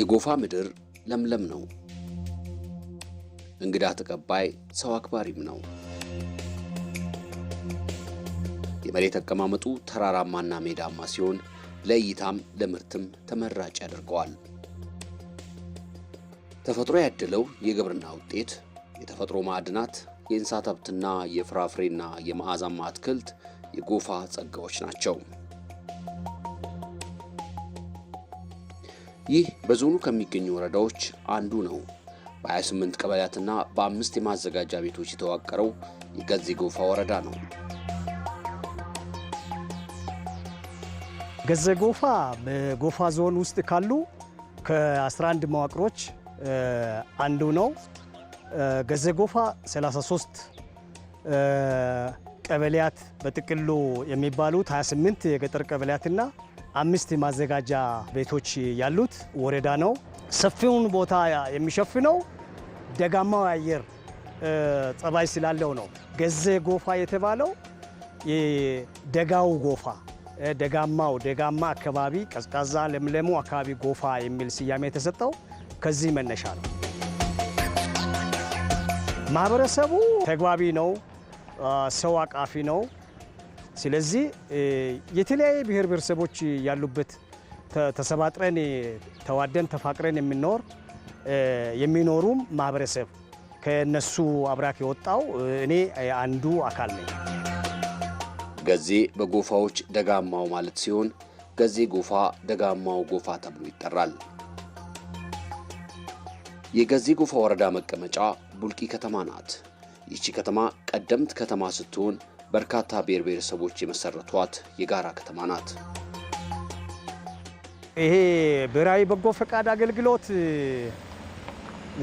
የጎፋ ምድር ለምለም ነው። እንግዳ ተቀባይ ሰው አክባሪም ነው። የመሬት አቀማመጡ ተራራማና ሜዳማ ሲሆን ለእይታም ለምርትም ተመራጭ ያደርገዋል። ተፈጥሮ ያደለው የግብርና ውጤት፣ የተፈጥሮ ማዕድናት፣ የእንስሳት ሀብትና የፍራፍሬና የመዓዛማ አትክልት የጎፋ ጸጋዎች ናቸው። በዞኑ ከሚገኙ ወረዳዎች አንዱ ነው። በ28 ቀበሌያትና በአምስት የማዘጋጃ ቤቶች የተዋቀረው የገዜ ጎፋ ወረዳ ነው። ገዜ ጎፋ በጎፋ ዞን ውስጥ ካሉ ከ11 መዋቅሮች አንዱ ነው። ገዜ ጎፋ 33 ቀበሌያት በጥቅሉ የሚባሉት 28 የገጠር ቀበሌያትና አምስት ማዘጋጃ ቤቶች ያሉት ወረዳ ነው። ሰፊውን ቦታ የሚሸፍነው ደጋማው አየር ጸባይ ስላለው ነው። ገዜ ጎፋ የተባለው የደጋው ጎፋ ደጋማው ደጋማ አካባቢ ቀዝቃዛ ለምለሙ አካባቢ ጎፋ የሚል ስያሜ የተሰጠው ከዚህ መነሻ ነው። ማህበረሰቡ ተግባቢ ነው፣ ሰው አቃፊ ነው። ስለዚህ የተለያየ ብሔር ብሔረሰቦች ያሉበት ተሰባጥረን ተዋደን ተፋቅረን የሚኖር የሚኖሩም ማህበረሰብ ከነሱ አብራክ የወጣው እኔ አንዱ አካል ነኝ። ገዜ በጎፋዎች ደጋማው ማለት ሲሆን ገዜ ጎፋ፣ ደጋማው ጎፋ ተብሎ ይጠራል። የገዜ ጎፋ ወረዳ መቀመጫ ቡልቂ ከተማ ናት። ይቺ ከተማ ቀደምት ከተማ ስትሆን በርካታ ብሔር ብሔረሰቦች የመሰረቷት የጋራ ከተማ ናት። ይሄ ብሔራዊ በጎ ፈቃድ አገልግሎት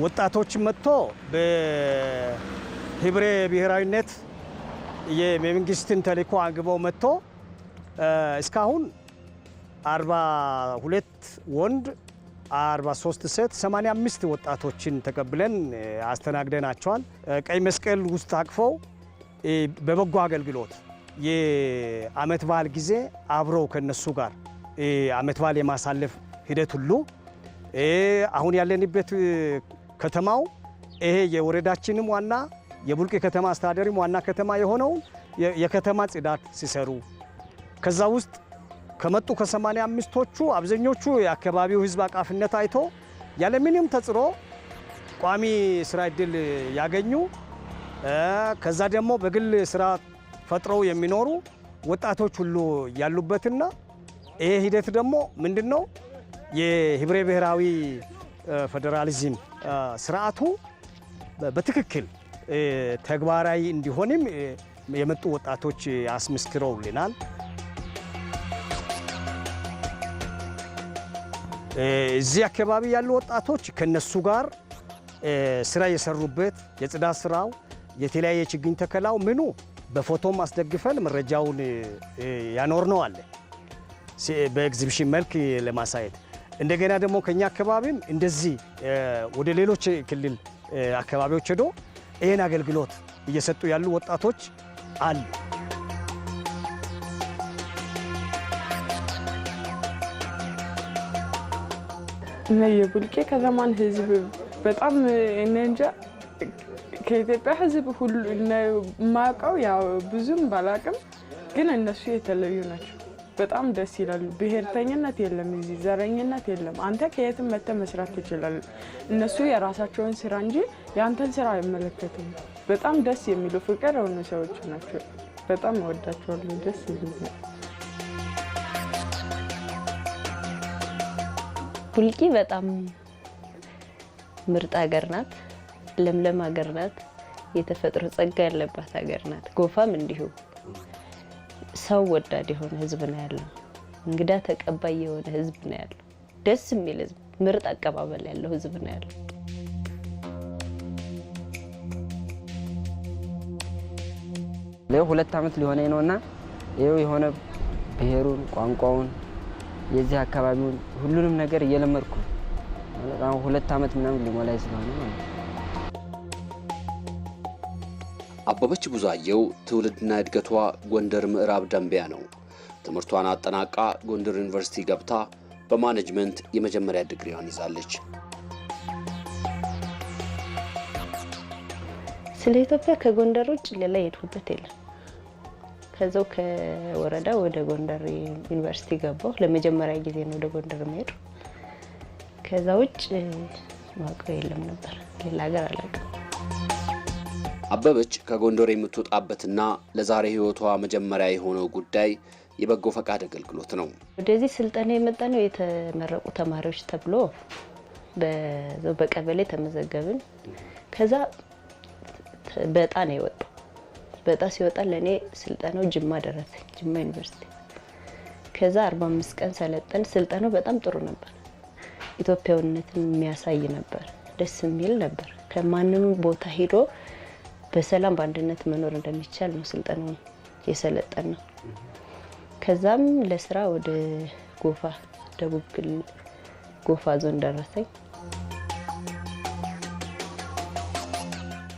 ወጣቶች መጥቶ በህብረ ብሔራዊነት የመንግስትን ተልዕኮ አግበው መጥቶ እስካሁን 42 ወንድ 43 ሴት 85 ወጣቶችን ተቀብለን አስተናግደናቸዋል። ቀይ መስቀል ውስጥ አቅፈው በበጎ አገልግሎት የአመት በዓል ጊዜ አብረው ከነሱ ጋር አመት በዓል የማሳለፍ ሂደት ሁሉ አሁን ያለንበት ከተማው ይሄ የወረዳችንም ዋና የቡልቅ ከተማ አስተዳደሪም ዋና ከተማ የሆነውን የከተማ ጽዳት ሲሰሩ ከዛ ውስጥ ከመጡ ከሰማንያ አምስቶቹ አብዛኞቹ የአካባቢው ህዝብ አቃፊነት አይቶ ያለምንም ተጽዕኖ ቋሚ ስራ እድል ያገኙ ከዛ ደግሞ በግል ስራ ፈጥረው የሚኖሩ ወጣቶች ሁሉ ያሉበትና ይሄ ሂደት ደግሞ ምንድን ነው የህብረ ብሔራዊ ፌዴራሊዝም ስርዓቱ በትክክል ተግባራዊ እንዲሆንም የመጡ ወጣቶች አስመስክረውልናል። እዚህ አካባቢ ያሉ ወጣቶች ከነሱ ጋር ስራ የሰሩበት የጽዳት ስራው የተለያየ ችግኝ ተከላው ምኑ በፎቶም አስደግፈን መረጃውን ያኖር ነው አለ በኤግዚቢሽን መልክ ለማሳየት እንደገና ደግሞ ከኛ አካባቢም እንደዚህ ወደ ሌሎች ክልል አካባቢዎች ሄዶ ይህን አገልግሎት እየሰጡ ያሉ ወጣቶች አሉ። እነ የቡልቄ ከተማን ህዝብ በጣም እኔ እንጃ ከኢትዮጵያ ህዝብ ሁሉ የማውቀው ያው ብዙም ባላውቅም ግን እነሱ የተለዩ ናቸው። በጣም ደስ ይላሉ። ብሔርተኝነት የለም እዚህ፣ ዘረኝነት የለም። አንተ ከየትም መተ መስራት ትችላለህ። እነሱ የራሳቸውን ስራ እንጂ የአንተን ስራ አይመለከትም። በጣም ደስ የሚሉ ፍቅር የሆኑ ሰዎች ናቸው። በጣም እወዳቸዋለሁ። ደስ ይሉ ቡልቂ በጣም ምርጥ ሀገር ናት። ለምለም ሀገር ናት። የተፈጥሮ ጸጋ ያለባት ሀገር ናት። ጎፋም እንዲሁ ሰው ወዳድ የሆነ ህዝብ ነው ያለው። እንግዳ ተቀባይ የሆነ ህዝብ ነው ያለው። ደስ የሚል ህዝብ፣ ምርጥ አቀባበል ያለው ህዝብ ነው ያለው። ሁለት ዓመት ሊሆነኝ ነው እና ይኸው የሆነ ብሔሩን፣ ቋንቋውን፣ የዚህ አካባቢውን ሁሉንም ነገር እየለመድኩ ሁለት ዓመት ምናምን ሊሞላኝ ስለሆነ ማለት ነው አበበች ብዙአየው ትውልድና እድገቷ ጎንደር ምዕራብ ደንቢያ ነው። ትምህርቷን አጠናቃ ጎንደር ዩኒቨርሲቲ ገብታ በማኔጅመንት የመጀመሪያ ዲግሪዋን ይዛለች። ስለ ኢትዮጵያ ከጎንደር ውጭ ሌላ የሄድኩበት የለም። ከዛው ከወረዳ ወደ ጎንደር ዩኒቨርሲቲ ገባሁ። ለመጀመሪያ ጊዜ ነው ወደ ጎንደር መሄዱ። ከዛ ውጭ ማውቀው የለም ነበር ሌላ ሀገር አላውቅም። አበበች ከጎንደር የምትወጣበትና ለዛሬ ህይወቷ መጀመሪያ የሆነው ጉዳይ የበጎ ፈቃድ አገልግሎት ነው። ወደዚህ ስልጠና የመጣ ነው የተመረቁ ተማሪዎች ተብሎ በቀበሌ ተመዘገብን። ከዛ በጣ ነው የወጣው። በጣ ሲወጣ ለእኔ ስልጠናው ጅማ ደረሰ፣ ጅማ ዩኒቨርሲቲ። ከዛ 45 ቀን ሰለጠን። ስልጠናው በጣም ጥሩ ነበር። ኢትዮጵያዊነትን የሚያሳይ ነበር። ደስ የሚል ነበር። ከማንም ቦታ ሄዶ? በሰላም በአንድነት መኖር እንደሚቻል ነው ስልጠናውን የሰለጠን ነው። ከዛም ለስራ ወደ ጎፋ ደቡብ ክልል ጎፋ ዞን ደረሰኝ።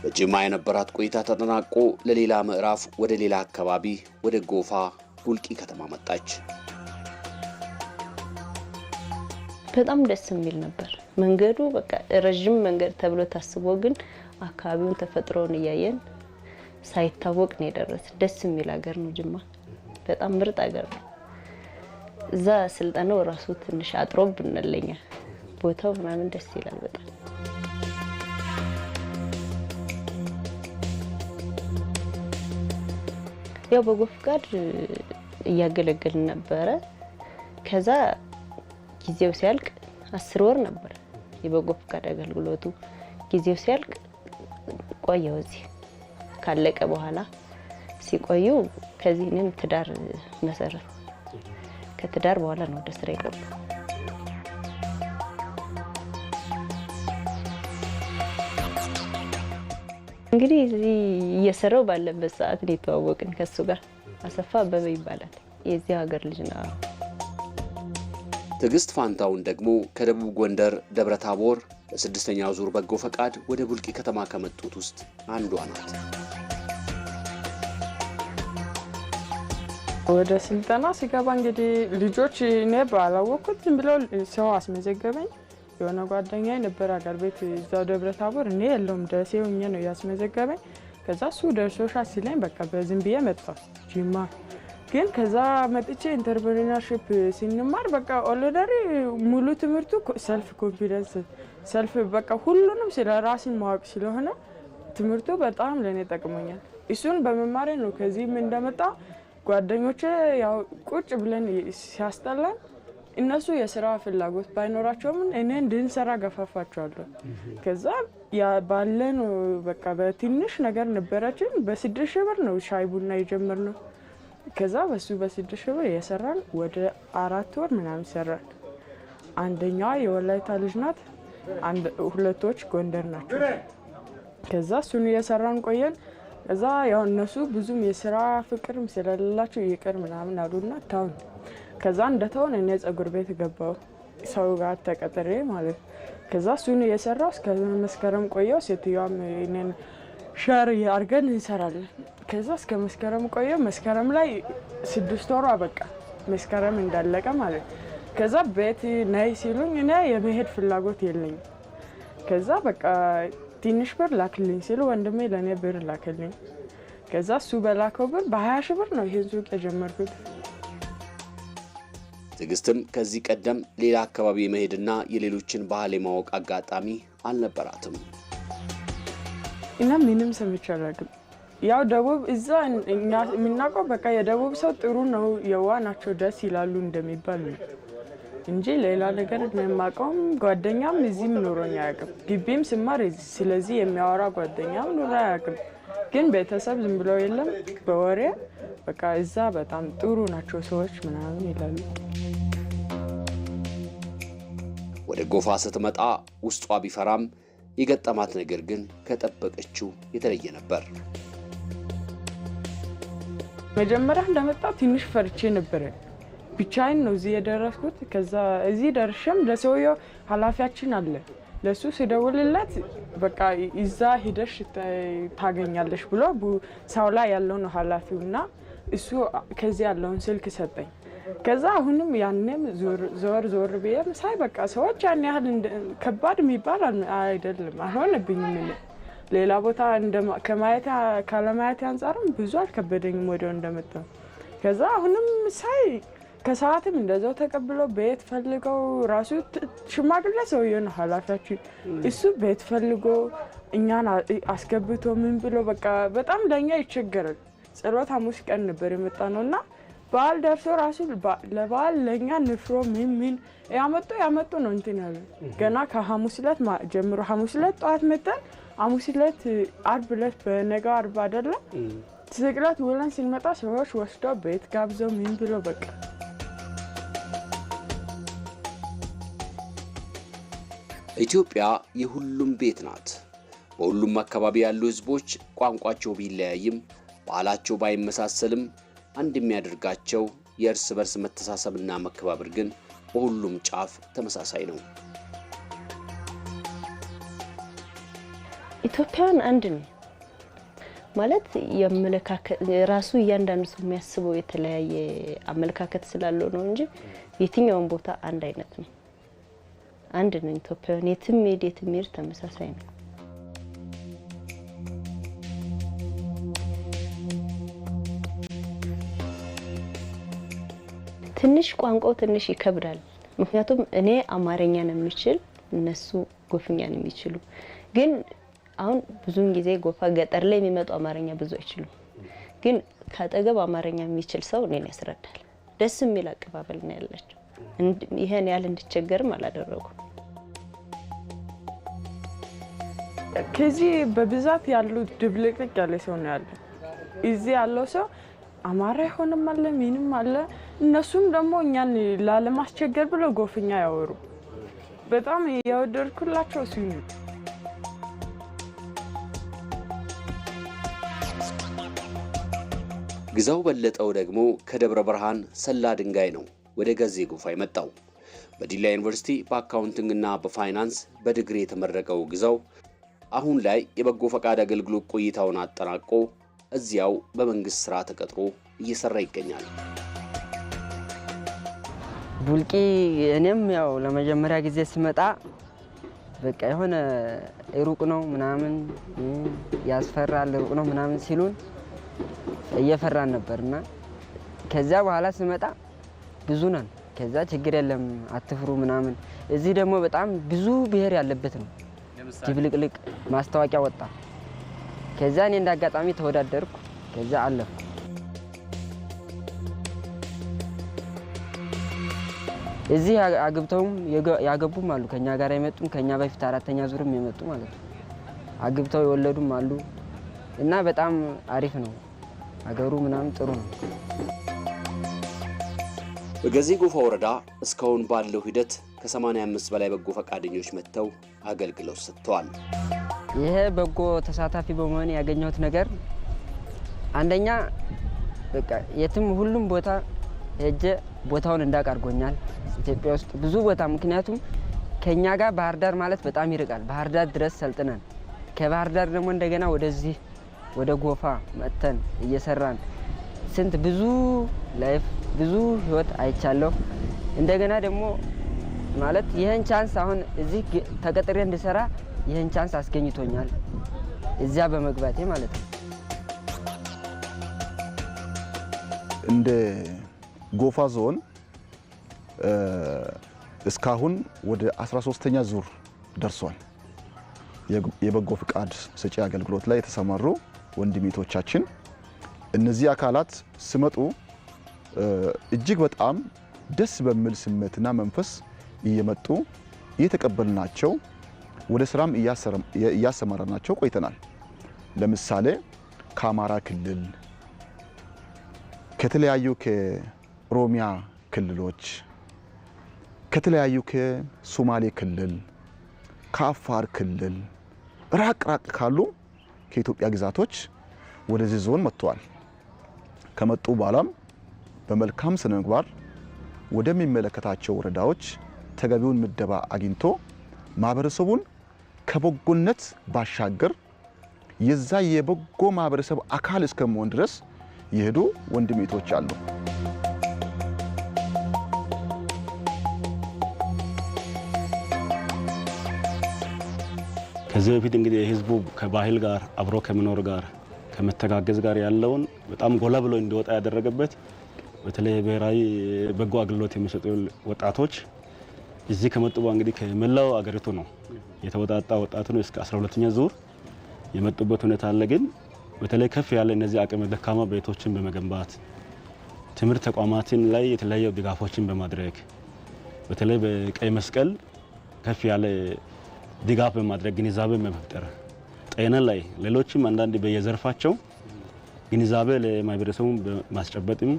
በጅማ የነበራት ቆይታ ተጠናቆ ለሌላ ምዕራፍ ወደ ሌላ አካባቢ ወደ ጎፋ ጉልቂ ከተማ መጣች። በጣም ደስ የሚል ነበር መንገዱ። በቃ ረዥም መንገድ ተብሎ ታስቦ ግን አካባቢውን ተፈጥሮውን እያየን ሳይታወቅ ነው የደረስ። ደስ የሚል ሀገር ነው ጅማ። በጣም ምርጥ ሀገር ነው። እዛ ስልጠናው ራሱ ትንሽ አጥሮ ብንለኛ ቦታው ምናምን ደስ ይላል በጣም። ያው በጎ ፍቃድ እያገለገልን ነበረ። ከዛ ጊዜው ሲያልቅ አስር ወር ነበር የበጎ ፍቃድ አገልግሎቱ ጊዜው ሲያልቅ ቆየው እዚህ ካለቀ በኋላ ሲቆዩ ከዚህ እኔም ትዳር መሰረቱ። ከትዳር በኋላ ነው ወደ ስራ የገቡ። እንግዲህ እዚህ እየሰራው ባለበት ሰዓት ነው የተዋወቅን ከሱ ጋር። አሰፋ አበበ ይባላል። የዚህ ሀገር ልጅ ነው። ትዕግስት ፋንታውን ደግሞ ከደቡብ ጎንደር ደብረ ታቦር ለስድስተኛ ዙር በጎ ፈቃድ ወደ ቡልቂ ከተማ ከመጡት ውስጥ አንዷ ናት። ወደ ስልጠና ሲገባ እንግዲህ ልጆች እኔ ባላወቅኩት ዝም ብለው ሰው አስመዘገበኝ። የሆነ ጓደኛ ነበር አገር ቤት እዛው ደብረ ታቦር፣ እኔ የለውም ደሴ ሆኜ ነው ያስመዘገበኝ። ከዛ እሱ ደርሶሻል ሲለኝ በቃ በዝም ብዬ መጣሁ ጅማ ግን ከዛ መጥቼ ኢንተርፕሪነርሺፕ ሲንማር በቃ ኦልሬዲ ሙሉ ትምህርቱ ሰልፍ ኮንፊደንስ ሰልፍ በቃ ሁሉንም ስለ ራሴን ማወቅ ስለሆነ ትምህርቱ በጣም ለእኔ ጠቅሞኛል። እሱን በመማሬ ነው ከዚህም እንደመጣ ጓደኞች ያው ቁጭ ብለን ሲያስጠላን እነሱ የስራ ፍላጎት ባይኖራቸውም እኔ እንድንሰራ ገፋፋቸዋለሁ። ከዛ ባለን በቃ በትንሽ ነገር ነበረችን። በስድስት ሺህ ብር ነው ሻይ ቡና የጀመርነው። ከዛ በሱ በስድስት ሺህ ብር የሰራን ወደ አራት ወር ምናምን ሰራን። አንደኛዋ የወላይታ ልጅ ናት። ሁለቶች ጎንደር ናቸው። ከዛ እሱን እየሰራን ቆየን። ከዛ ያው እነሱ ብዙም የስራ ፍቅርም ስለሌላቸው ይቅር ምናምን አሉና ታውን ከዛ እንደተውን እኔ ጸጉር ቤት ገባው ሰው ጋር ተቀጥሬ ማለት ከዛ እሱን እየሰራው እስከ መስከረም ቆየው። ሴትዮዋም እኔን ሸር አድርገን እንሰራለን። ከዛ እስከ መስከረም ቆየው። መስከረም ላይ ስድስት ወሯ በቃ መስከረም እንዳለቀ ማለት ከዛ ቤት ነይ ሲሉኝ እኔ የመሄድ ፍላጎት የለኝም። ከዛ በቃ ትንሽ ብር ላክልኝ ሲሉ ወንድሜ ለእኔ ብር ላክልኝ። ከዛ እሱ በላከው ብር በሀያ ሺህ ብር ነው ይህን ሱቅ የጀመርኩት። ትዕግስትም ከዚህ ቀደም ሌላ አካባቢ የመሄድና የሌሎችን ባህል የማወቅ አጋጣሚ አልነበራትም እና ምንም ሰምቼ አላውቅም። ያው ደቡብ እዛ የምናውቀው በቃ የደቡብ ሰው ጥሩ ነው፣ የዋ ናቸው፣ ደስ ይላሉ እንደሚባል ነው። እንጂ ሌላ ነገር የማውቀውም ጓደኛም እዚህም ኑሮኝ አያውቅም። ግቢም ስማር ስለዚህ የሚያወራ ጓደኛም ኑሮ አያውቅም። ግን ቤተሰብ ዝም ብለው የለም በወሬ በቃ እዛ በጣም ጥሩ ናቸው ሰዎች ምናምን ይላሉ። ወደ ጎፋ ስትመጣ ውስጧ ቢፈራም የገጠማት ነገር ግን ከጠበቀችው የተለየ ነበር። መጀመሪያ እንደመጣ ትንሽ ፈርቼ ነበረ። ብቻዬን ነው እዚህ የደረስኩት። ከዛ እዚህ ደርሼም ለሰውየው ኃላፊያችን አለ ለሱ ስደውልለት በቃ እዛ ሂደሽ ታገኛለሽ ብሎ ሰው ላይ ያለው ነው ኃላፊው እና እሱ ከዚህ ያለውን ስልክ ሰጠኝ። ከዛ አሁንም ያንም ዞር ዞር ብዬም ሳይ በቃ ሰዎች ያን ያህል ከባድ የሚባል አይደለም ምን ሌላ ቦታ ከማየት ካለማየት አንጻርም ብዙ አልከበደኝም ወዲያው እንደመጣ ከዛ አሁንም ሳይ ከሰዓትም እንደዛው ተቀብለው ቤት ፈልገው ራሱ ሽማግሌ ሰውዬ ነው ኃላፊያችን እሱ ቤት ፈልጎ እኛን አስገብቶ ምን ብሎ በቃ በጣም ለእኛ ይቸገራል። ጸሎት ሐሙስ ቀን ነበር የመጣ ነው እና በዓል ደርሶ ራሱ ለበዓል ለእኛ ንፍሮ ምን ምን ያመጡ ያመጡ ነው እንትን ያለ ገና ከሐሙስ ዕለት ጀምሮ ሐሙስ ዕለት ጠዋት መጠን ሐሙስ ዕለት አርብ ዕለት በነገ አርብ አይደለም ስቅለት ውለን ስንመጣ ሰዎች ወስደው ቤት ጋብዘው ምን ብሎ በቃ ኢትዮጵያ የሁሉም ቤት ናት። በሁሉም አካባቢ ያሉ ህዝቦች ቋንቋቸው ቢለያይም፣ ባህላቸው ባይመሳሰልም አንድ የሚያደርጋቸው የእርስ በርስ መተሳሰብና መከባበር ግን በሁሉም ጫፍ ተመሳሳይ ነው። ኢትዮጵያን አንድ ነው ማለት የአመለካከት ራሱ እያንዳንዱ ሰው የሚያስበው የተለያየ አመለካከት ስላለው ነው እንጂ የትኛውን ቦታ አንድ አይነት ነው። አንድ ነው። ኢትዮጵያውያን የትም ሄድ የትም ሄድ ተመሳሳይ ነው። ትንሽ ቋንቋው ትንሽ ይከብዳል። ምክንያቱም እኔ አማርኛን የምችል እነሱ ጎፍኛን የሚችሉ ግን አሁን ብዙውን ጊዜ ጎፋ ገጠር ላይ የሚመጡ አማርኛ ብዙ አይችሉም። ግን ከአጠገብ አማርኛ የሚችል ሰው እኔን ያስረዳል። ደስ የሚል አቀባበል ነው ያላቸው። ይህን ያህል እንድቸገርም አላደረጉም። ከዚህ በብዛት ያሉ ድብልቅልቅ ያለ ሰው ነው ያለ። እዚህ ያለው ሰው አማራ ይሆንም አለ ምንም አለ። እነሱም ደግሞ እኛን ላለማስቸገር ብለው ጎፍኛ ያወሩ። በጣም የወደድኩላቸው ሲሉ ግዛው በለጠው ደግሞ ከደብረ ብርሃን ሰላ ድንጋይ ነው ወደ ገዜ ጎፋ የመጣው። በዲላ ዩኒቨርሲቲ በአካውንቲንግ እና በፋይናንስ በድግሪ የተመረቀው ግዛው አሁን ላይ የበጎ ፈቃድ አገልግሎት ቆይታውን አጠናቆ እዚያው በመንግስት ስራ ተቀጥሮ እየሰራ ይገኛል። ቡልቂ እኔም ያው ለመጀመሪያ ጊዜ ስመጣ በቃ የሆነ ሩቅ ነው ምናምን ያስፈራል፣ ሩቅ ነው ምናምን ሲሉን እየፈራን ነበርና ከዚያ በኋላ ስመጣ ብዙ ነን። ከዛ ችግር የለም አትፍሩ ምናምን። እዚህ ደግሞ በጣም ብዙ ብሔር ያለበት ነው ድብልቅልቅ ማስታወቂያ ወጣ። ከዛ እኔ እንዳጋጣሚ ተወዳደርኩ። ከዛ አለፍኩ። እዚህ አግብተውም ያገቡም አሉ፣ ከኛ ጋር የመጡም ከኛ በፊት አራተኛ ዙርም የመጡ ማለት ነው። አግብተው የወለዱም አሉ እና በጣም አሪፍ ነው አገሩ ምናምን ጥሩ ነው። በገዜ ጎፋ ወረዳ እስካሁን ባለው ሂደት ከ85 በላይ በጎ ፈቃደኞች መጥተው አገልግሎት ሰጥተዋል። ይሄ በጎ ተሳታፊ በመሆን ያገኘሁት ነገር አንደኛ በቃ የትም ሁሉም ቦታ ሄጄ ቦታውን እንዳውቅ አድርጎኛል። ኢትዮጵያ ውስጥ ብዙ ቦታ ምክንያቱም ከኛ ጋር ባህር ዳር ማለት በጣም ይርቃል። ባህር ዳር ድረስ ሰልጥነን ከባህር ዳር ደግሞ እንደገና ወደዚህ ወደ ጎፋ መጥተን እየሰራን ስንት ብዙ ላይፍ ብዙ ህይወት አይቻለሁ። እንደገና ደግሞ ማለት ይህን ቻንስ አሁን እዚህ ተቀጥሬ እንድሰራ ይህን ቻንስ አስገኝቶኛል፣ እዚያ በመግባቴ ማለት ነው። እንደ ጎፋ ዞን እስካሁን ወደ 13ኛ ዙር ደርሷል። የበጎ ፍቃድ ሰጪ አገልግሎት ላይ የተሰማሩ ወንድሜቶቻችን እነዚህ አካላት ስመጡ እጅግ በጣም ደስ በሚል ስሜትና መንፈስ እየመጡ እየተቀበልናቸው ወደ ስራም እያሰማራናቸው ቆይተናል። ለምሳሌ ከአማራ ክልል ከተለያዩ ከኦሮሚያ ክልሎች ከተለያዩ ከሶማሌ ክልል ከአፋር ክልል ራቅ ራቅ ካሉ ከኢትዮጵያ ግዛቶች ወደዚህ ዞን መጥተዋል። ከመጡ በኋላም በመልካም ስነ ምግባር ወደሚመለከታቸው ወረዳዎች ተገቢውን ምደባ አግኝቶ ማህበረሰቡን ከበጎነት ባሻገር የዛ የበጎ ማህበረሰብ አካል እስከመሆን ድረስ የሄዱ ወንድሜቶች አሉ። ከዚህ በፊት እንግዲህ የህዝቡ ከባህል ጋር አብሮ ከመኖር ጋር ከመተጋገዝ ጋር ያለውን በጣም ጎላ ብሎ እንዲወጣ ያደረገበት በተለይ ብሔራዊ በጎ አገልግሎት የሚሰጡ ወጣቶች እዚህ ከመጡ እንግዲህ ከመላው አገሪቱ ነው የተወጣጣ ወጣት ነው። እስከ 12ኛ ዙር የመጡበት ሁኔታ አለ። ግን በተለይ ከፍ ያለ እነዚህ አቅመ ደካማ ቤቶችን በመገንባት ትምህርት ተቋማትን ላይ የተለያዩ ድጋፎችን በማድረግ በተለይ በቀይ መስቀል ከፍ ያለ ድጋፍ በማድረግ ግንዛቤ በመፍጠር ጤና ላይ ሌሎችም አንዳንድ በየዘርፋቸው ግንዛቤ ለማህበረሰቡ በማስጨበጥም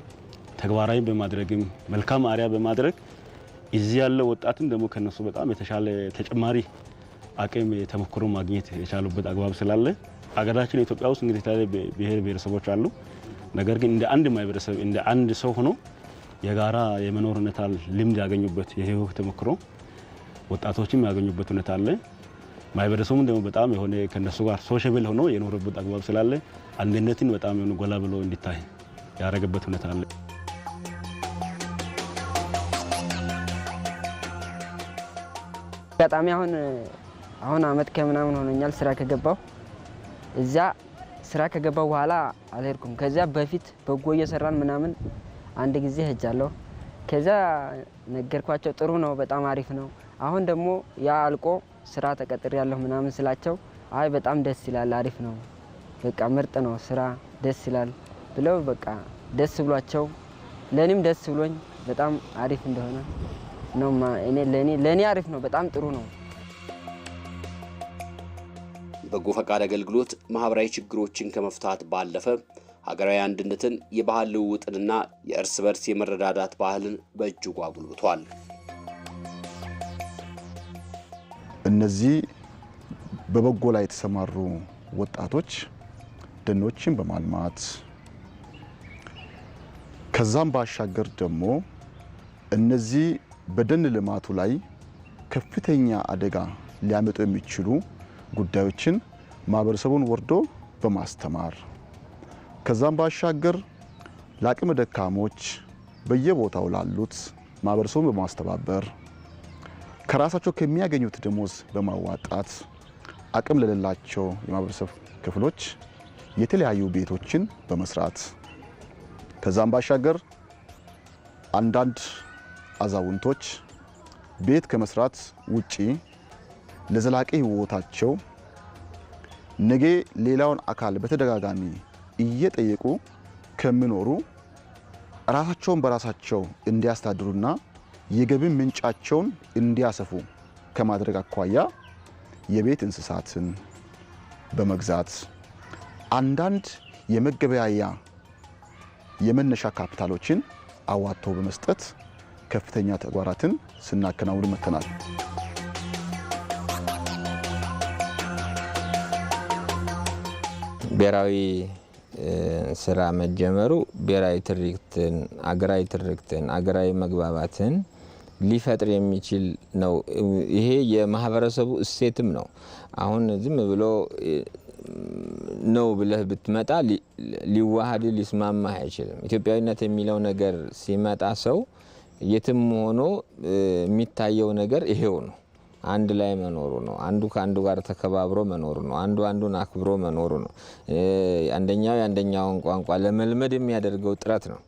ተግባራዊ በማድረግም መልካም አሪያ በማድረግ እዚህ ያለው ወጣትም ደግሞ ከነሱ በጣም የተሻለ ተጨማሪ አቅም ተሞክሮ ማግኘት የቻሉበት አግባብ ስላለ አገራችን ኢትዮጵያ ውስጥ እንግዲህ የተለያዩ ብሔር ብሔረሰቦች አሉ። ነገር ግን እንደ አንድ ማህበረሰብ እንደ አንድ ሰው ሆኖ የጋራ የመኖር ሁኔታ ልምድ ያገኙበት የህይወት ተሞክሮ ወጣቶችም ያገኙበት ሁኔታ አለ። ማህበረሰቡም ደግሞ በጣም የሆነ ከነሱ ጋር ሶሻብል ሆኖ የኖረበት አግባብ ስላለ አንድነትን በጣም የሆኑ ጎላ ብሎ እንዲታይ ያደረገበት ሁኔታ አለ። አጋጣሚ አሁን አሁን አመት ከምናምን ሆኖኛል ስራ ከገባው እዛ ስራ ከገባው በኋላ አልሄድኩም። ከዚያ በፊት በጎ እየሰራን ምናምን አንድ ጊዜ ሄጃለሁ። ከዚያ ነገርኳቸው። ጥሩ ነው፣ በጣም አሪፍ ነው። አሁን ደግሞ ያ አልቆ ስራ ተቀጥሬ ያለሁ ምናምን ስላቸው አይ በጣም ደስ ይላል፣ አሪፍ ነው፣ በቃ ምርጥ ነው ስራ፣ ደስ ይላል ብለው በቃ ደስ ብሏቸው፣ ለእኔም ደስ ብሎኝ በጣም አሪፍ እንደሆነ ነው። ለእኔ አሪፍ ነው፣ በጣም ጥሩ ነው። በጎ ፈቃድ አገልግሎት ማህበራዊ ችግሮችን ከመፍታት ባለፈ ሀገራዊ አንድነትን፣ የባህል ልውውጥንና የእርስ በርስ የመረዳዳት ባህልን በእጅጉ አጉልብቷል። እነዚህ በበጎ ላይ የተሰማሩ ወጣቶች ደኖችን በማልማት ከዛም ባሻገር ደግሞ እነዚህ በደን ልማቱ ላይ ከፍተኛ አደጋ ሊያመጡ የሚችሉ ጉዳዮችን ማህበረሰቡን ወርዶ በማስተማር ከዛም ባሻገር ለአቅመ ደካሞች በየቦታው ላሉት ማህበረሰቡን በማስተባበር ከራሳቸው ከሚያገኙት ደሞዝ በማዋጣት አቅም ለሌላቸው የማህበረሰብ ክፍሎች የተለያዩ ቤቶችን በመስራት ከዛም ባሻገር አንዳንድ አዛውንቶች ቤት ከመስራት ውጪ ለዘላቂ ህይወታቸው ነገ ሌላውን አካል በተደጋጋሚ እየጠየቁ ከሚኖሩ ራሳቸውን በራሳቸው እንዲያስተዳድሩና የገቢ ምንጫቸውን እንዲያሰፉ ከማድረግ አኳያ የቤት እንስሳትን በመግዛት አንዳንድ የመገበያያ የመነሻ ካፒታሎችን አዋጥቶ በመስጠት ከፍተኛ ተግባራትን ስናከናውን መተናል። ብሔራዊ ስራ መጀመሩ ብሔራዊ ትርክትን፣ አገራዊ ትርክትን፣ አገራዊ መግባባትን ሊፈጥር የሚችል ነው። ይሄ የማህበረሰቡ እሴትም ነው። አሁን ዝም ብሎ ነው ብለህ ብትመጣ ሊዋሃድ ሊስማማህ አይችልም። ኢትዮጵያዊነት የሚለው ነገር ሲመጣ ሰው የትም ሆኖ የሚታየው ነገር ይሄው ነው። አንድ ላይ መኖሩ ነው። አንዱ ከአንዱ ጋር ተከባብሮ መኖሩ ነው። አንዱ አንዱን አክብሮ መኖሩ ነው። አንደኛው የአንደኛውን ቋንቋ ለመልመድ የሚያደርገው ጥረት ነው።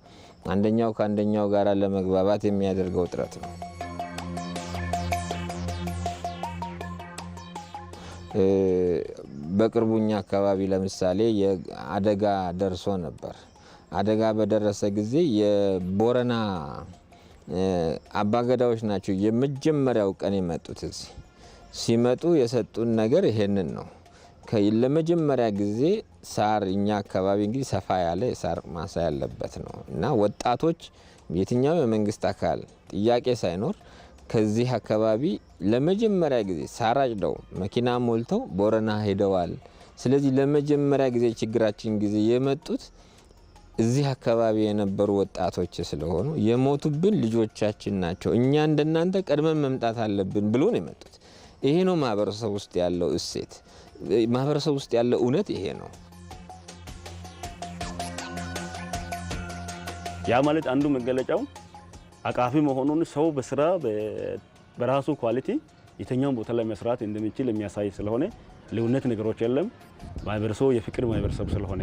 አንደኛው ከአንደኛው ጋር ለመግባባት የሚያደርገው ጥረት ነው። በቅርቡኛ አካባቢ ለምሳሌ አደጋ ደርሶ ነበር። አደጋ በደረሰ ጊዜ የቦረና አባገዳዎች ናቸው የመጀመሪያው ቀን የመጡት። እዚህ ሲመጡ የሰጡን ነገር ይሄንን ነው። ለመጀመሪያ ጊዜ ሳር እኛ አካባቢ እንግዲህ ሰፋ ያለ የሳር ማሳ ያለበት ነው እና ወጣቶች የትኛውም የመንግስት አካል ጥያቄ ሳይኖር ከዚህ አካባቢ ለመጀመሪያ ጊዜ ሳር አጭደው መኪና ሞልተው ቦረና ሄደዋል። ስለዚህ ለመጀመሪያ ጊዜ ችግራችን ጊዜ የመጡት እዚህ አካባቢ የነበሩ ወጣቶች ስለሆኑ የሞቱብን ልጆቻችን ናቸው፣ እኛ እንደናንተ ቀድመን መምጣት አለብን ብሎ ነው የመጡት። ይሄ ነው ማህበረሰብ ውስጥ ያለው እሴት፣ ማህበረሰብ ውስጥ ያለው እውነት ይሄ ነው። ያ ማለት አንዱ መገለጫው አቃፊ መሆኑን ሰው በስራ በራሱ ኳሊቲ የተኛውን ቦታ ላይ መስራት እንደሚችል የሚያሳይ ስለሆነ ልዩነት ነገሮች የለም። ማህበረሰቡ የፍቅር ማህበረሰብ ስለሆነ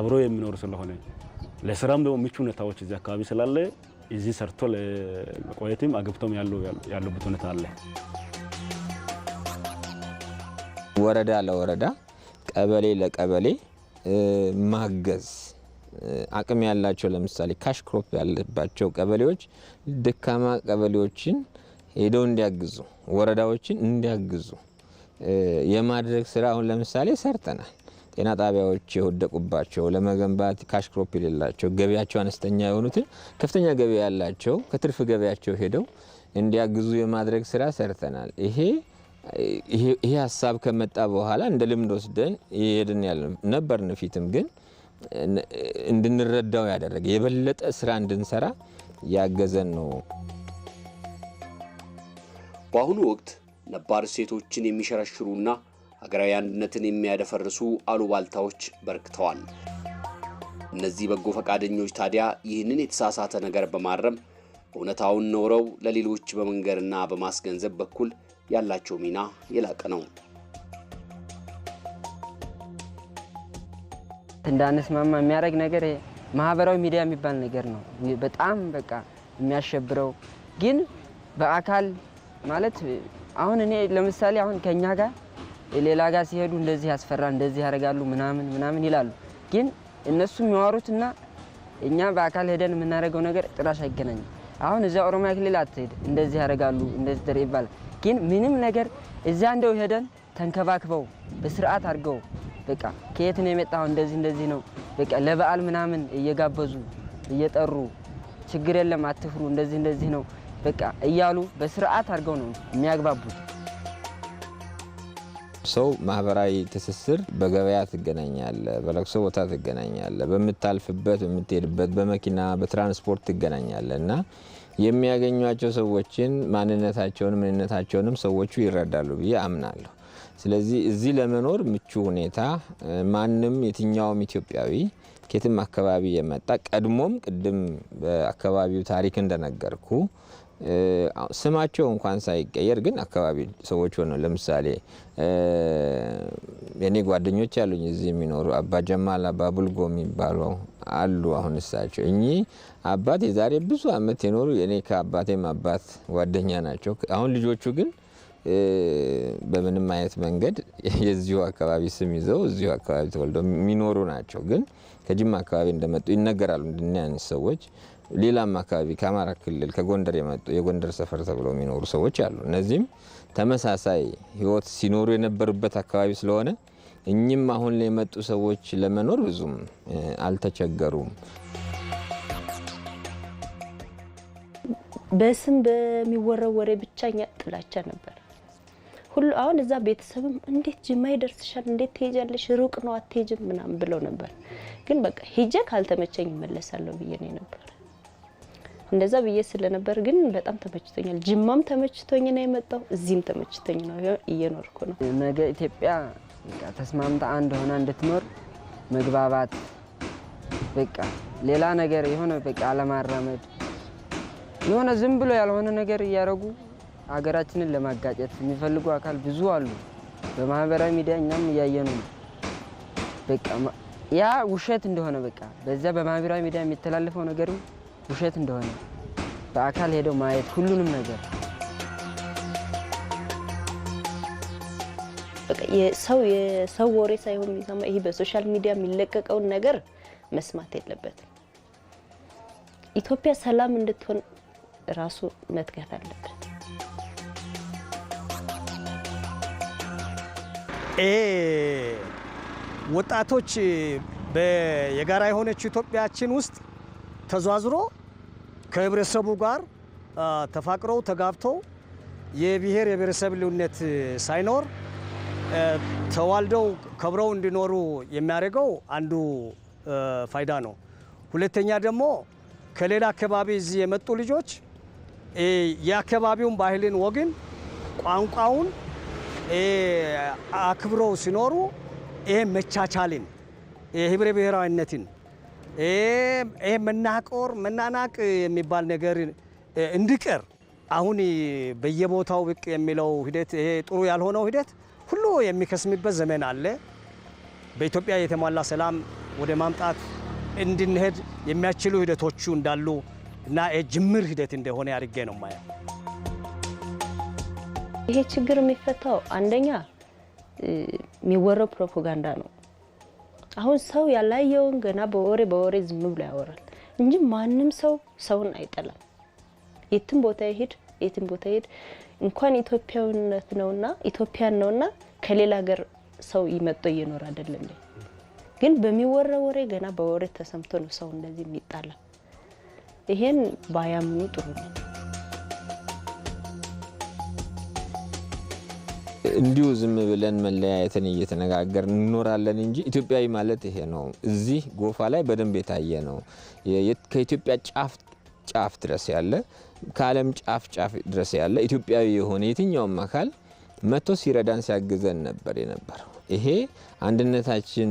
አብሮ የሚኖር ስለሆነ ለስራም ደግሞ ምቹ ሁኔታዎች እዚህ አካባቢ ስላለ እዚህ ሰርቶ ለመቆየትም አገብቶም ያሉበት ሁኔታ አለ። ወረዳ ለወረዳ ቀበሌ ለቀበሌ ማገዝ አቅም ያላቸው ለምሳሌ ካሽ ክሮፕ ያለባቸው ቀበሌዎች ደካማ ቀበሌዎችን ሄደው እንዲያግዙ፣ ወረዳዎችን እንዲያግዙ የማድረግ ስራ አሁን ለምሳሌ ሰርተናል። ጤና ጣቢያዎች የወደቁባቸው ለመገንባት ካሽ ክሮፕ የሌላቸው ገቢያቸው አነስተኛ የሆኑትን ከፍተኛ ገቢ ያላቸው ከትርፍ ገቢያቸው ሄደው እንዲያግዙ የማድረግ ስራ ሰርተናል። ይሄ ይሄ ሀሳብ ከመጣ በኋላ እንደ ልምድ ወስደን ይሄድን ያለ ነበርን። ፊትም ግን እንድንረዳው ያደረገ የበለጠ ስራ እንድንሰራ ያገዘን ነው። በአሁኑ ወቅት ነባር እሴቶችን የሚሸረሽሩና ሀገራዊ አንድነትን የሚያደፈርሱ አሉባልታዎች በርክተዋል። እነዚህ በጎ ፈቃደኞች ታዲያ ይህንን የተሳሳተ ነገር በማረም እውነታውን ኖረው ለሌሎች በመንገርና በማስገንዘብ በኩል ያላቸው ሚና የላቀ ነው። እንዳነስማማ የሚያደርግ ነገር ማህበራዊ ሚዲያ የሚባል ነገር ነው። በጣም በቃ የሚያሸብረው ግን በአካል ማለት አሁን እኔ ለምሳሌ አሁን ከኛ ጋር ሌላ ጋር ሲሄዱ እንደዚህ ያስፈራል፣ እንደዚህ ያደርጋሉ ምናምን ምናምን ይላሉ። ግን እነሱ የሚዋሩትና እኛ በአካል ሄደን የምናደርገው ነገር ጥራሽ አይገናኝም። አሁን እዚያ ኦሮሚያ ክልል አትሄድ እንደዚህ ያደርጋሉ እንደዚህ ደር ይባላል። ግን ምንም ነገር እዚያ እንደው ሄደን ተንከባክበው በስርዓት አድርገው በቃ ከየት ነው የመጣው እንደዚህ እንደዚህ ነው በቃ ለበዓል ምናምን እየጋበዙ እየጠሩ ችግር የለም አትፍሩ እንደዚህ እንደዚህ ነው በቃ እያሉ በስርዓት አድርገው ነው የሚያግባቡት። ሰው ማህበራዊ ትስስር በገበያ ትገናኛለ፣ በለቅሶ ቦታ ትገናኛለ፣ በምታልፍበት በምትሄድበት በመኪና በትራንስፖርት ትገናኛለ እና የሚያገኟቸው ሰዎችን ማንነታቸውን ምንነታቸውንም ሰዎቹ ይረዳሉ ብዬ አምናለሁ። ስለዚህ እዚህ ለመኖር ምቹ ሁኔታ ማንም የትኛውም ኢትዮጵያዊ ከየትም አካባቢ የመጣ ቀድሞም ቅድም በአካባቢው ታሪክ እንደነገርኩ ስማቸው እንኳን ሳይቀየር ግን አካባቢ ሰዎች ሆነው ለምሳሌ የኔ ጓደኞች ያሉኝ እዚህ የሚኖሩ አባ ጀማል አባ ቡልጎ የሚባለው አሉ። አሁን እሳቸው እኚህ አባት የዛሬ ብዙ ዓመት የኖሩ የኔ ከአባቴም አባት ጓደኛ ናቸው። አሁን ልጆቹ ግን በምንም አይነት መንገድ የዚሁ አካባቢ ስም ይዘው እዚሁ አካባቢ ተወልደው የሚኖሩ ናቸው። ግን ከጅማ አካባቢ እንደመጡ ይነገራሉ እንደኒያን ሰዎች ሌላም አካባቢ ከአማራ ክልል ከጎንደር የመጡ የጎንደር ሰፈር ተብሎ የሚኖሩ ሰዎች አሉ። እነዚህም ተመሳሳይ ህይወት ሲኖሩ የነበሩበት አካባቢ ስለሆነ እኚህም አሁን ላይ የመጡ ሰዎች ለመኖር ብዙም አልተቸገሩም። በስም በሚወረወሬ ወሬ ብቻ እኛ ጥላቻ ነበር ሁሉ አሁን እዛ ቤተሰብም እንዴት ጅማ ይደርስሻል፣ እንዴት ትሄጃለሽ፣ ሩቅ ነው አትሄጅም ምናምን ብለው ነበር። ግን በቃ ሂጄ ካልተመቸኝ ይመለሳለሁ ብዬ ነው ነበር እንደዛ ብዬ ስለነበር ግን በጣም ተመችቶኛል። ጅማም ተመችቶኝ ነው የመጣው፣ እዚህም ተመችቶኝ ነው እየኖርኩ ነው። ነገ ኢትዮጵያ ተስማምታ አንድ ሆና እንድትኖር መግባባት፣ በቃ ሌላ ነገር የሆነ በቃ አለማራመድ የሆነ ዝም ብሎ ያልሆነ ነገር እያደረጉ ሀገራችንን ለማጋጨት የሚፈልጉ አካል ብዙ አሉ። በማህበራዊ ሚዲያ እኛም እያየኑ ነው። በቃ ያ ውሸት እንደሆነ በቃ በዚያ በማህበራዊ ሚዲያ የሚተላለፈው ነገርም ውሸት እንደሆነ በአካል ሄደው ማየት ሁሉንም ነገር ሰው የሰው ወሬ ሳይሆን የሚሰማ ይሄ በሶሻል ሚዲያ የሚለቀቀውን ነገር መስማት የለበትም። ኢትዮጵያ ሰላም እንድትሆን ራሱ መትጋት አለበት። ወጣቶች የጋራ የሆነች ኢትዮጵያችን ውስጥ ተዟዝሮ ከህብረተሰቡ ጋር ተፋቅረው ተጋብተው የብሔር የብሔረሰብ ልዩነት ሳይኖር ተዋልደው ከብረው እንዲኖሩ የሚያደርገው አንዱ ፋይዳ ነው። ሁለተኛ ደግሞ ከሌላ አካባቢ እዚህ የመጡ ልጆች የአካባቢውን ባህልን፣ ወግን፣ ቋንቋውን አክብረው ሲኖሩ ይሄ መቻቻልን የህብረ ብሔራዊነትን ይሄ መናቆር መናናቅ የሚባል ነገር እንዲቀር አሁን በየቦታው ብቅ የሚለው ሂደት ይሄ ጥሩ ያልሆነው ሂደት ሁሉ የሚከስምበት ዘመን አለ። በኢትዮጵያ የተሟላ ሰላም ወደ ማምጣት እንድንሄድ የሚያስችሉ ሂደቶቹ እንዳሉ እና የጅምር ሂደት እንደሆነ አድርጌ ነው ማየው። ይሄ ችግር የሚፈታው አንደኛ የሚወረው ፕሮፓጋንዳ ነው። አሁን ሰው ያላየውን ገና በወሬ በወሬ ዝም ብሎ ያወራል እንጂ ማንም ሰው ሰውን አይጠላም። የትም ቦታ ይሄድ የትም ቦታ ይሄድ እንኳን ኢትዮጵያዊነት ነውና ኢትዮጵያን ነውና ከሌላ ሀገር ሰው ይመጦ እየኖር አይደለም። ግን በሚወራ ወሬ ገና በወሬ ተሰምቶ ነው ሰው እንደዚህ የሚጣላ። ይሄን ባያምኑ ጥሩ ነው። እንዲሁ ዝም ብለን መለያየትን እየተነጋገር እንኖራለን እንጂ ኢትዮጵያዊ ማለት ይሄ ነው። እዚህ ጎፋ ላይ በደንብ የታየ ነው። ከኢትዮጵያ ጫፍ ጫፍ ድረስ ያለ ከዓለም ጫፍ ጫፍ ድረስ ያለ ኢትዮጵያዊ የሆነ የትኛውም አካል መጥቶ ሲረዳን ሲያግዘን ነበር የነበረው። ይሄ አንድነታችን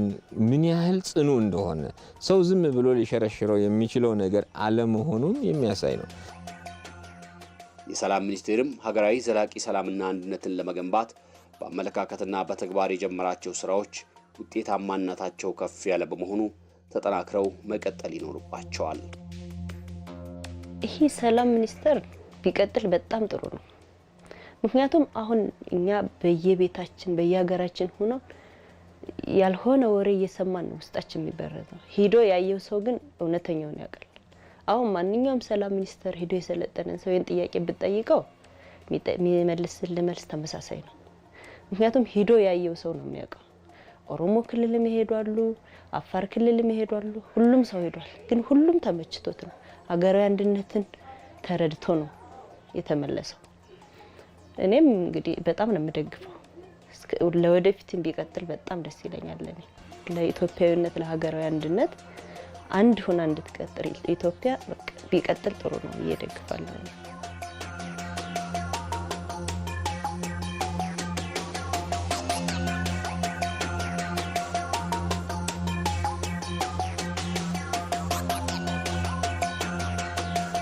ምን ያህል ጽኑ እንደሆነ ሰው ዝም ብሎ ሊሸረሽረው የሚችለው ነገር አለመሆኑን የሚያሳይ ነው። የሰላም ሚኒስቴርም ሀገራዊ ዘላቂ ሰላምና አንድነትን ለመገንባት በአመለካከትና በተግባር የጀመራቸው ስራዎች ውጤታማነታቸው ከፍ ያለ በመሆኑ ተጠናክረው መቀጠል ይኖርባቸዋል። ይሄ ሰላም ሚኒስቴር ቢቀጥል በጣም ጥሩ ነው። ምክንያቱም አሁን እኛ በየቤታችን በየሀገራችን ሆኖ ያልሆነ ወሬ እየሰማን ነው፣ ውስጣችን የሚበረዝ ነው። ሂዶ ያየው ሰው ግን እውነተኛውን ያውቃል። አሁን ማንኛውም ሰላም ሚኒስቴር ሂዶ የሰለጠነን ሰው ይህን ጥያቄ ብትጠይቀው የሚመልስልን መልስ ተመሳሳይ ነው። ምክንያቱም ሂዶ ያየው ሰው ነው የሚያውቀው። ኦሮሞ ክልልም ይሄዷሉ፣ አፋር ክልልም ይሄዷሉ። ሁሉም ሰው ሄዷል። ግን ሁሉም ተመችቶት ነው ሀገራዊ አንድነትን ተረድቶ ነው የተመለሰው። እኔም እንግዲህ በጣም ነው የምደግፈው። ለወደፊትም ቢቀጥል በጣም ደስ ይለኛል። ለኔ ለኢትዮጵያዊነት፣ ለሀገራዊ አንድነት አንድ ሆና እንድትቀጥል ኢትዮጵያ ቢቀጥል ጥሩ ነው ብዬ